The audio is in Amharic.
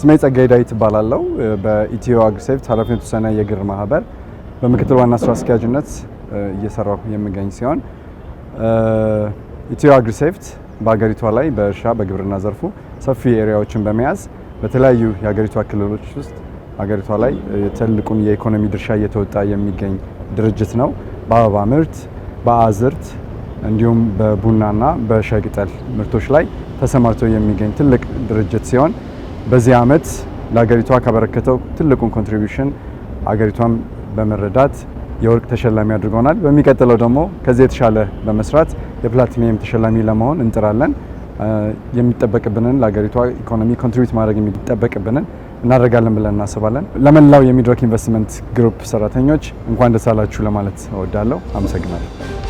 ስሜ ጸጋይ ዳዊት እባላለሁ። በኢትዮ አግሪሴፍት ኃላፊነቱ የተወሰነ የግር ማህበር በምክትል ዋና ስራ አስኪያጅነት እየሰራሁ የምገኝ ሲሆን ኢትዮ አግሪሴፍት በሀገሪቷ ላይ በእርሻ በግብርና ዘርፉ ሰፊ ኤሪያዎችን በመያዝ በተለያዩ የሀገሪቷ ክልሎች ውስጥ ሀገሪቷ ላይ ትልቁን የኢኮኖሚ ድርሻ እየተወጣ የሚገኝ ድርጅት ነው። በአበባ ምርት፣ በአዝርት እንዲሁም በቡናና በሻይ ቅጠል ምርቶች ላይ ተሰማርቶ የሚገኝ ትልቅ ድርጅት ሲሆን በዚህ ዓመት ለሀገሪቷ ካበረከተው ትልቁን ኮንትሪቢሽን ሀገሪቷን በመረዳት የወርቅ ተሸላሚ አድርጎናል። በሚቀጥለው ደግሞ ከዚህ የተሻለ በመስራት የፕላቲኒየም ተሸላሚ ለመሆን እንጥራለን። የሚጠበቅብንን ለሀገሪቷ ኢኮኖሚ ኮንትሪቢዩት ማድረግ የሚጠበቅብንን እናደርጋለን ብለን እናስባለን። ለመላው የሚድሮክ ኢንቨስትመንት ግሩፕ ሰራተኞች እንኳን ደስ አላችሁ ለማለት እወዳለሁ። አመሰግናለሁ።